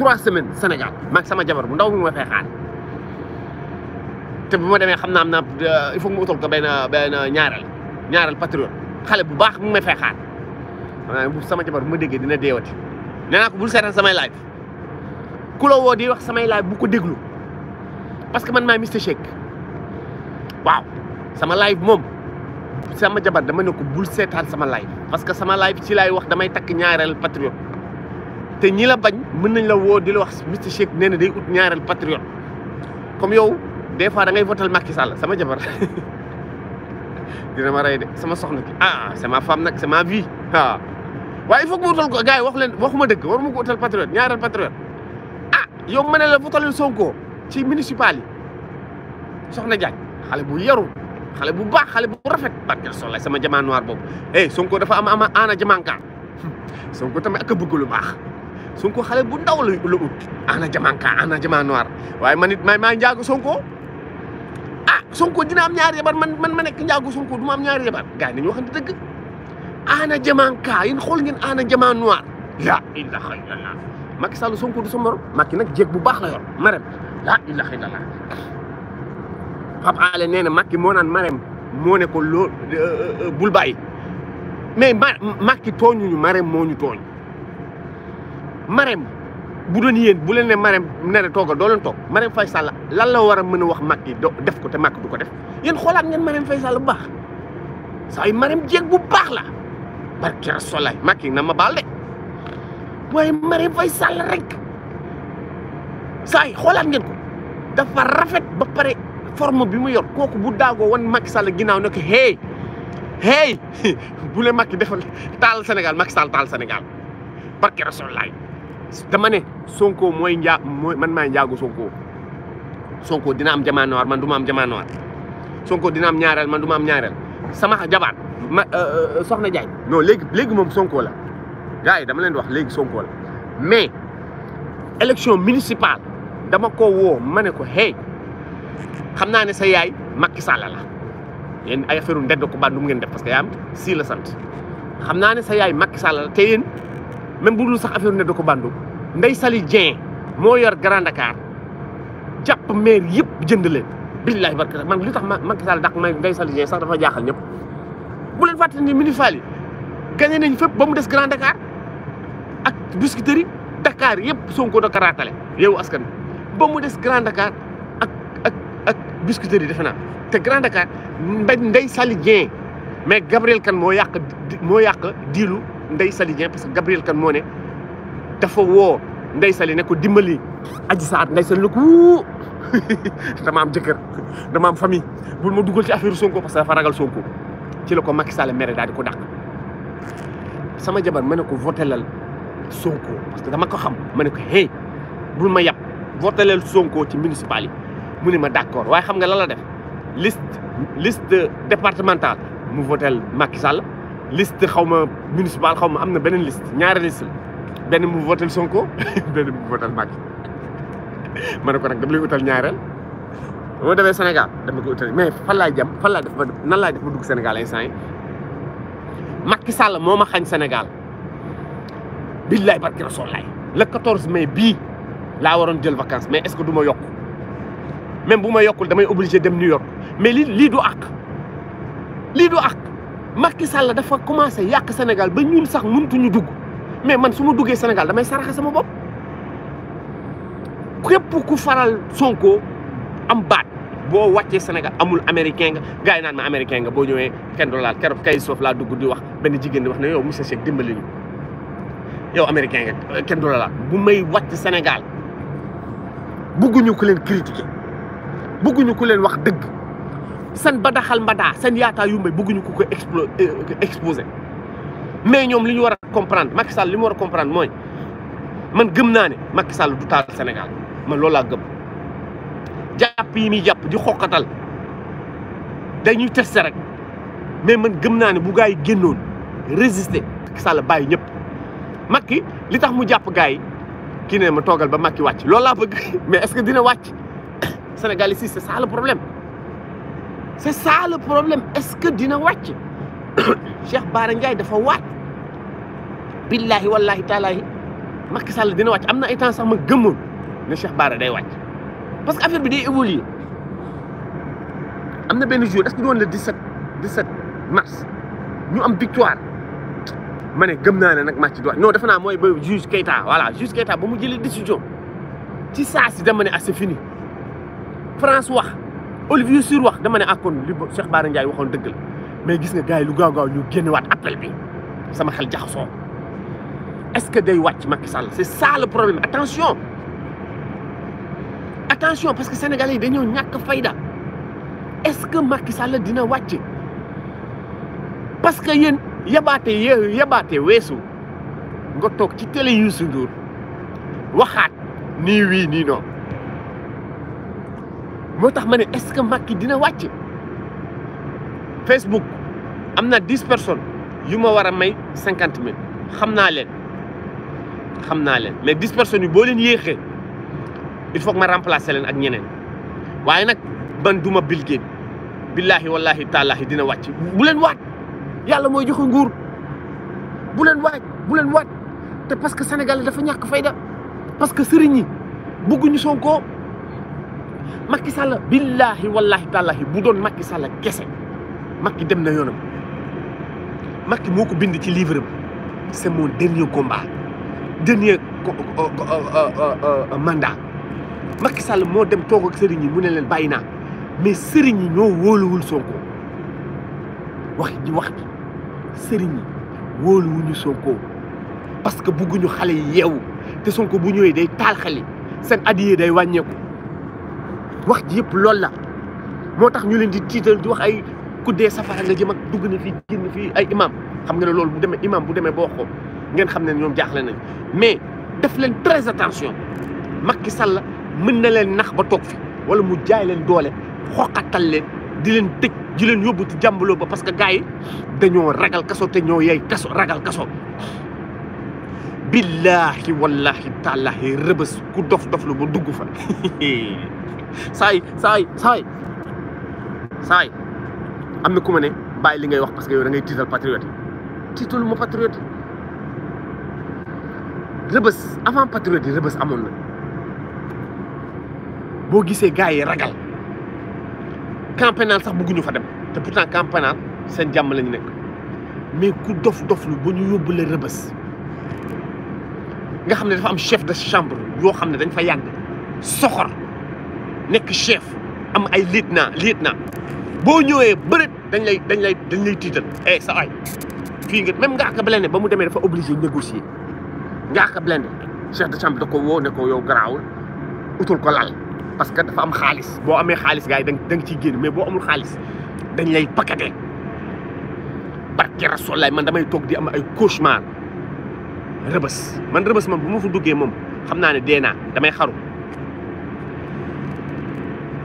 trois semaines Sénégal maag sama jabar bu ndaw bi ma fay te bu ma demee xam naam am na euh, il faut mu utal ko benn benn ñaareel ñaareel patriote xale bu baax mu may fay xaar sama jabar bu ma déggee dina deewati nee naa ko bul seetaan samay live ku la woo di wax samay live bu ko déglu parce que man maa Mister Shake waaw sama live moom sama jabar dama ne ko bul seetaan sama live parce que sama live si laay wax damay takk ñaareel patriote te ñi la bañ mën nañ la woo di la wax Mister Sheikh nee na day ut ñaareel patriote comme yow des fois da ngay votal Macky Sall sama jabar dina ma ray de sama soxna ki ah c'est ma femme nak c'est ma vie ah waaye il faut que ma utal ko gars yi wax leen waxuma dëgg war ko utal patriote ñaareel patriote ah yow ma la votal Sonko ci municipal yi soxna Diagne xale bu yaru xale bu baax xale bu rafet barke sol sama jamaa noir boobu eh Sonko dafa am ama ana jamankaan Sonko tamit ak a bëgg lu baax Sonko xale bu ndaw la la ut ana jamanka ana jaman noir waaye man it may maa njaagu Sonko a ah, Sonko dina am ñaari yabar man man ma nekk njaagu Sonko du ma ñaar ñaari yabar gars yi nañu waxante dëgg ana jamanka yéen xool ngeen ana jaman noir la ilaha illallah Sonko du sa morom nag jéeg bu baax la yor marem la nee na Macky moo naan marem moo ne ko loo euh, euh, euh, bul bàyyi mais Macky tooñuñu marem moo ñu tooñ Marem bu doon yeen bu leen ne Marème nere toogal doo leen tok marem Faye Sall lan la wara meuna wax makki def ko te mak du ko def yeen xolaat ngeen marem Faye bu baax say marem jeeg bu baax la barke rasolaay makki na ma balde way marem Marème rek say xolaat ngeen ko dafa rafet ba pare forme bi mu yor koku bu dago wan makki Sall ginaaw nak hey hey bu le makki defal tal senegal makki Sall tal senegal barke rasolaay dama ne Sonko mooy njaa mooy man maa njaagu Sonko Sonko dina am jamaa noir man duma am jamaa noir Sonko dina am ñaareel man du am ñaareel sama jabaat ma euh, euh, soxna Diagne non léegi léegi moom Sonko la gars dama leen di wax léegi Sonko la mais élection municipale dama ko woo ma ne ko hey xam naa ne sa yaay Macky Sall la yéen ay affaire ndedd ko baat nu mu ngeen def parce que yaa am sii la sant xam naa ne sa yaay Macky Sall la te yéen même bu dul sax affaire ne da ko bandu Ndeye sali Dieng moo yor Grand Dakar jàpp maire yëpp jënd leen billahi barka man li tax Macky Sall dàq may Ndeye Saly Dieng sax dafa jaaxal ñëpp bu leen fàttali ni municipal yi gagné fépp ba mu des Grand Dakar ak Biscuiterie dakaar yëpp Sonko da ko raatale yow askan ba mu des Grand Dakar ak ak ak Biscuiterie defe naa te Grand Dakar Ndeye Saly Dieng mais Gabriel Kane moo yàq moo yàq diilu Ndeye Saly Dieng parce que Gabriel Kane moo ne dafa woo Ndeye Saly ne ko dimbali Adji saat Ndeye Saly ne ko dama am jëkkër dama am famille bul ma dugal ci affaire Sonko parce que dafa ragal Sonko ci la ko Macky Sall mere daal di ko dàq sama jabar ma ne ko votelal Sonko parce que dama ko xam ma ne ko hey bul ma yàpp votelal Sonko ci municipal yi mu ne ma d'accord waaye xam nga lan la def list liste départementale mu votel Macky Sall liste xaw ma municipal xaw ma am na beneen list ñaari liste la benn mu votel Sonko benn mu votel Macky ma ne ko nag dama lay utal ñaareel moo demee Sénégal dama ko mais fan laay jam fan laa def ba nan laay def ba dugg Sénégal instant yi Macky Sall moo ma xañ Sénégal billaay barki rasool laay le 14 mai bii laa waroon jël vacances mais est-ce que duma yokk même bu ma yokkul damay obligé dem New York mais lii lii du àq lii du àq Macky Sall dafa commencé yàq Sénégal ba ñun sax mëntuñu dugg mais man su ma duggee Sénégal damay saraxe sama bopp képp ku faral Sonko am baat boo wàccee Sénégal amul américain nga gars yi naan ma américain nga boo ñëwee kenn du laal keroog kay soof laa dugg di wax benn jigéen ni wax ne yow monsieur Cheikh dimbali ñu yow américain nga kenn du la bu may wàcc Sénégal bugguñu ku leen critiquer bugguñu ku leen wax dëgg. sen badaxal mbada sen yaata yumbe bëgguñu ku ko explo eh, exposé mais ñom liñu wara comprendre Macky Sall li wara comprendre moy man gëm naa ne Macky Sall du taal Sénégal man loolu la gëm japp yi mi japp di xokatal dañu tester rek mais man gëm naa ne bu gaay gennoon résister Macky Sall baye ñëpp Macky li tax mu japp gaay ki ne ma togal ba Macky wacc loolu la bëgg mais est-ce que dina wacc Sénégal ici c'est ça le problème c'est ça le problème est-ce que dina wàcc Cheikh Bara Ndiaye dafa waat billahi wallahi taalaahi Macky Sall dina wàcc am na ay sax ma gëmmoon ne Cheikh Bara day wàcc parce que affaire bi day évoluer am na benn jour est-ce que doon le 17 17 mars ñu am victoire ma ne gëm naa ne nag Macky du wàcc non defe naa mooy ba juge Keita voilà juge Keita ba mu jëlee décision ci saa si dama ne ah fini France Olivier Sur wax dama ne akkoon li Cheikh Bara Ndiaye waxoon dëgg la mais gis nga gars lu gaaw gaaw ñu génnewaat appel bi sama xel jaxasoo est-ce que day wàcc Macky Sall c'est ça le problème attention attention parce que sénégalais yi dañoo ñàkk fayda es ce que Macky Sall dina wàcc parce que yéen yabaate yee yabaate weesu nga toog ci télé Youssou Ndour waxaat nii wii nii noonu. moo tax ma ne est-ce que Macky dina wàcc Facebook am na dix personnes yu ma war a may cinquante mille xam naa leen xam naa leen mais dix personnes yi boo leen yéexee il faut ma remplacer leen ak ñeneen waaye nag ban duma Bill Gates billaahi wallaahi taalaahi dina wàcc bu leen waat yàlla mooy joxe nguur bu leen waaj bu leen waat te parce que Sénégal dafa ñàkk fayda parce que sëriñ yi bëgguñu Sonko Macky Sall billaahi wallaahi tàllaahi bu doon Macky Sall kese makki dem na yoonam makki moo ko bind ci livre bi c'est mon dernier combat dernier euh, euh, euh, mandat Macky Sall moo dem toog ak sëriñ yi mu ne leen bàyyi naa mais sëriñ yi ñoo wóoluwul Sonko wax ji wax ji wóoluwuñu Sonko parce que bugguñu xale yi yeewu te Sonko bu ñëwee day taal xale seen adiyee day wàññeeku. wax ji yep loolu la motax ñu leen di tital di wax ay kudde safara nga jëm ak dugg na fi fi ay imam xam nga ne bu imam bu demee boko ngeen xam ne ñoom jaaxle nañ mais def leen très attention Macky Sall mën na leen nax ba tok fi wala mu jaay leen doole xoxatal leen di leen di leen yobbu ci ba parce que gaay dañoo ragal kaso te ñoo yey kaso ragal kaso billahi wallahi taala rëbës ku dof dof lu bu dugg fa saay saay saay saay am na ku ne bàyyi li ngay wax parce que yow da ngay tiital patriote tiitalu ma patriote rëbës avant patriote yi rëbës amoon na boo gisee gars yi ragal camp sax bëgguñu fa dem te pourtant camp seen jàmm la nekk mais ku dof doflu ba ñu yóbbu la rëbës nga xam ne dafa am chef de chambre yoo xam ne dañ fa yàgg soxor nekk chef am ay lieutenant lieutenant boo ñëwee bëreet dañ lay dañ lay dañ lay tiital eh sa waay fii nga même Ngaaka Blindé ba mu demee dafa obligé négocier Ngaaka Blindé chef de chambre da ko woo ne ko yow garaawul utul ko lal parce que dafa am xaalis boo amee xaalis gars yi da nga ciy génn mais boo amul xaalis dañ lay pakate barke Rasulaay man damay toog di am ay cauchemar rëbës man rëbës man bu ma fa duggee moom xam naa ne dee naa damay xaru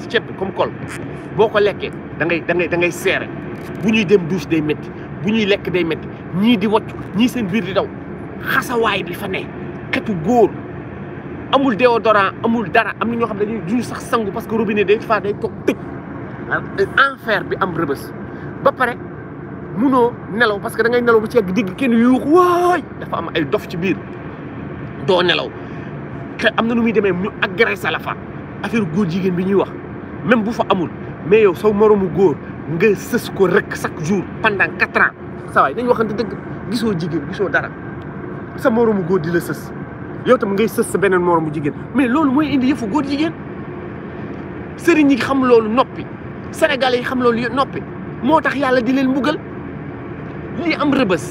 si ceeb bi comme col boo ko lekkee dangay ngay da ngay seere bu ñuy dem douche day métti bu ñuy lekk day métti ñii di wocc ñii seen biir di daw xasawaay bi fa ne xetu góor amul déodorant amul dara am na ñoo xam ne dañuy duñu sax sangu parce que robinet day faa day toog tëj enfer bi am rëbës ba pare munoo nelaw parce que da ngay nelaw bu ci yegg digg kenn yuux waay am ay dof ci biir doo nelaw te am na nu muy demee ñu agressé la fa affaire góor jigéen bi ñuy wax même bu fa amul mais yow saw moroomu góor nga sës ko rek chaque jour pendant quatre ans saa waay nañ waxante dëgg gisoo jigéen gisoo dara sa moroomu góor di la sës yow tam ngay sës sa beneen moromu jigéen mais loolu mooy indi yëfu góor jigéen sëriñ yi xam loolu noppi sénégalais yi xam loolu noppi moo tax yàlla di leen mbugal lii am rëbës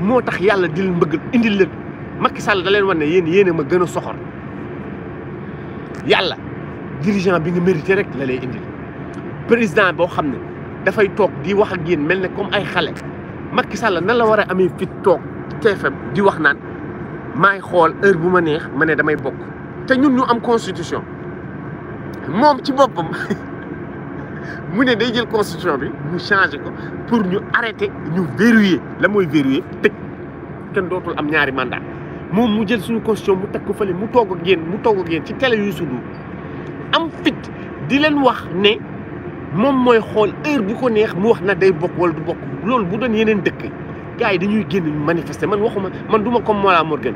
moo tax yàlla di leen mbëggal indil leen makki Sall da leen wan ne yéen yéen ma gën a soxor yàlla. dirigeant bi nga mérité rek la lay indi président bo xamné da fay tok di wax ak yéen melni comme ay xale Macky Sall nan la wara amé fi tok TFM di wax nan may xol heure buma neex mané damay bok te ñun ñu am constitution mom ci bopam mu ne day jël constitution bi mu changer ko pour ñu arrêter ñu verrouiller la moy verrouiller tëj kenn dootul am ñaari mandat mom mu jël suñu constitution mu tek ko fële mu toog ak yéen mu toog ak yéen ci télé yu suñu am fit di leen wax ne moom mooy xool heure bu ko neex mu wax na day bokk wala du bokk loolu bu doon yeneen dëkk gars yi dañuy génn ñu manifester man waxuma man du ma comme Mollah Morgun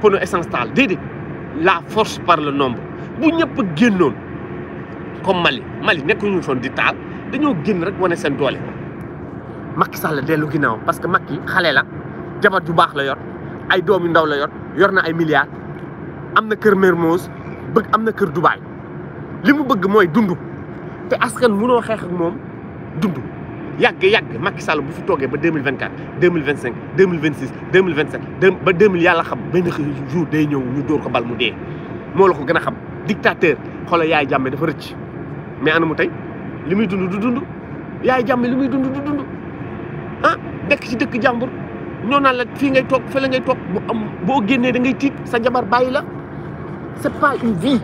pono essence taal déedéet la force par le nombre bu ñëpp génnoon comme Mali Mali nekkuñu soon di taal dañoo génn rek wane seen doole. Macky Sall dellu ginnaaw parce que Macky xale la jabar ju baax la yor ay doom yu ndaw la yor yor na ay milliards am na kër Mermoz bëgg am na kër Dubaay. li mu bëgg mooy dund te askan munoo xeex ak moom dund yàgg-yàgg Macky Sall bu fi toogee ba deux mille vingt quatre deux mille vingt cinq deux mille vingt six deux mille vingt sept ba deux mille yàlla xam benn jour day ñëw ñu dóor ko bal mu dee moo la ko gën a xam dictateur xolo yaay jàmme dafa rëcc mais ana mu tey li muy dund du dund yaay jàmme li muy dund du dund ah nekk ci dëkk jàmbur ñoo naan la fii ngay toog la ngay toog bu am boo génnee da ngay tiit sa jabar bàyyi la c'est pas une vie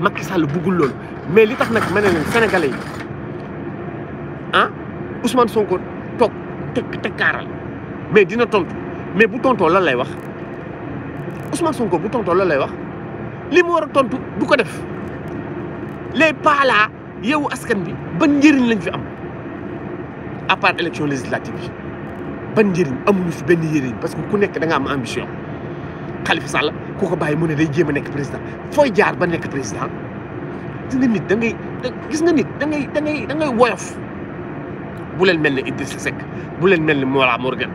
Macky Sall buggul loolu mais li tax nag ma ne ah Ousmane Sonko toog teg teg kaaral mais dina tontu mais bu tontoo lan lay wax Ousmane Sonko bu tontoo lan lay wax li mu war a tontu du ko def les pala yow askan bi ban njëriñ lañ fi am à part élection législative bi ban njëriñ amuñu fi benn njëriñ parce que ku nekk da nga am ambition Khalifa Sall. ku ko bàyyi mu ne day jéem a nekk président fooy jaar ba nekk président gis nga nit da ngay da ngay da woyof bu leen mel ni Idrissa Seck bu leen mel ni ne Mollah Morgan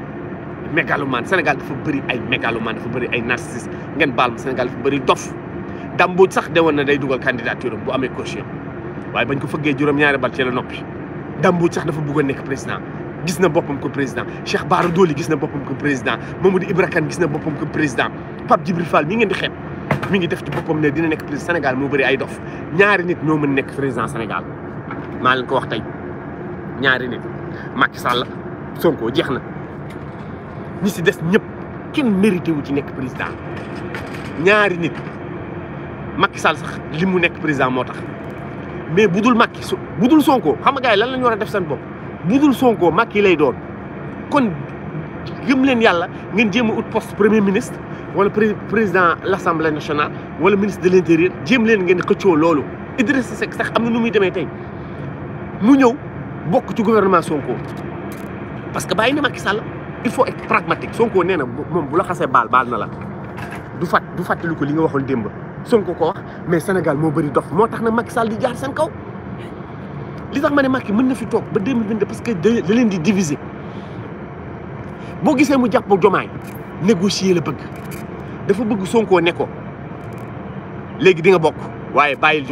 mégalomane Sénégal dafa bëri ay mégalomane dafa bëri ay narcissiste ngeen baal ma Sénégal dafa bëri dof dambuj sax de woon na day dugal candidature am bu amee caution waaye bañ ko fëggee juróom-ñaari bal ci la noppi dambuj sax dafa bugg a nekk président gisna bopam ko président Cheikh Bara doli gisna bopam ko président Mamadou Ibra gisna bopam ko président pap jibril Fall mi ngeen di xet mi ngi def ci bopam ne dina nek président Sénégal mo beuri ay dof ñaari nit ñoo mëna nek président Sénégal ma lañ ko wax tay ñaari nit Macky Sall Sonko jeexna ñi ci dess ñep kenn mérité wu ci nek président ñaari nit Macky Sall sax limu nek président motax mais budul Macky budul Sonko xam nga gars lan lañu wara def sen bopp. budul Sonko Macky lay doon kon gëm leen yàlla ngeen jéem a ut poste premier ministre wala président l' assemblée nationale wala ministre de l' intérieur jéem leen ngeen xëccoo loolu Idrissa Seck sax am na nu muy demee tey mu ñëw bokk ci gouvernement Sonko parce que bàyyi na Macky Sall il faut être pragmatique Sonko nee na moom bu la xasee baal baal na la du fat du fàttali ko li nga waxul démb Sonko ko wax mais Sénégal moo bëri dof moo tax nag Macky Sall di jaar seen kaw. li tax mané ne mën na fi tok ba 2022 parce que da leen di diviser bo gisee mu jàpp Diomaye négocier le bëgg dafa bëgg Sonko ne légui di nga bok waye bayil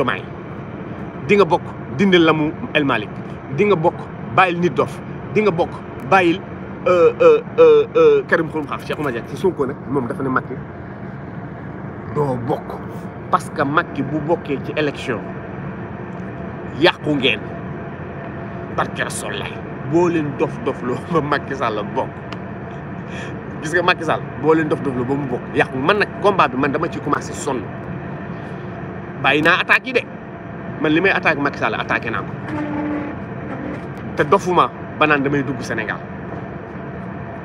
di nga bok dindel lamu El Malick di nga bok bayil nit dof di nga euh, euh, euh, Karim Cheikh Sonko nak mom dafa ne Macky parce que Macky bu l'élection, ci élection barke Rasul la boole leen dof dof loo ba Macky Sall bokk gis nga Macky Sall boo leen dof dof loo ba mu bokk yàqu man nag combat bi man dama ci commencé sonn bàyyi naa attaques yi de man li may attaque Macky Sall attaqué naa ko te dofuma ba naan damay dugg Sénégal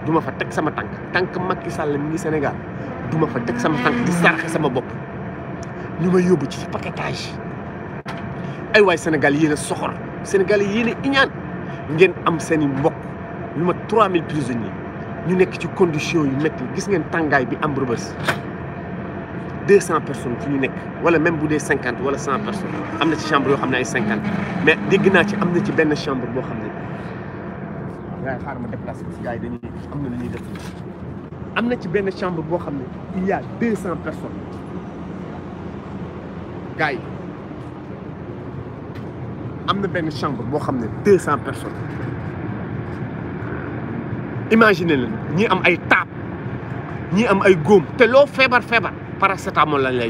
du ma fa teg sama tànk tànk Macky Sall mi ngi Sénégal du ma fa teg sama tànk di sarxe sama bopp ñu may yóbbu ci paquetage ay waay Sénégal yéen a soxor Sénégal yi yéen a iñaan ngeen am seen i mbokk lu mat 3000 prisonniers ñu nekk ci condition yu métti gis ngeen tàngaay bi am rëbës 200 personnes fu ñu nekk wala même bu dee 50 wala 100 personnes am na ci chambre yoo xam ne ay 50 mais dégg naa ci am na ci benn chambre boo xam ne. waaw ma déplacé parce que gars am na lu ñuy def am na ci benn chambre boo xam ne il y a 200 personnes gars yi. am ben chambre bo xamné 200 personnes imagine leen ñi am ay taab ñi am ay góom té lo fébar fébar paracétamol lañ lay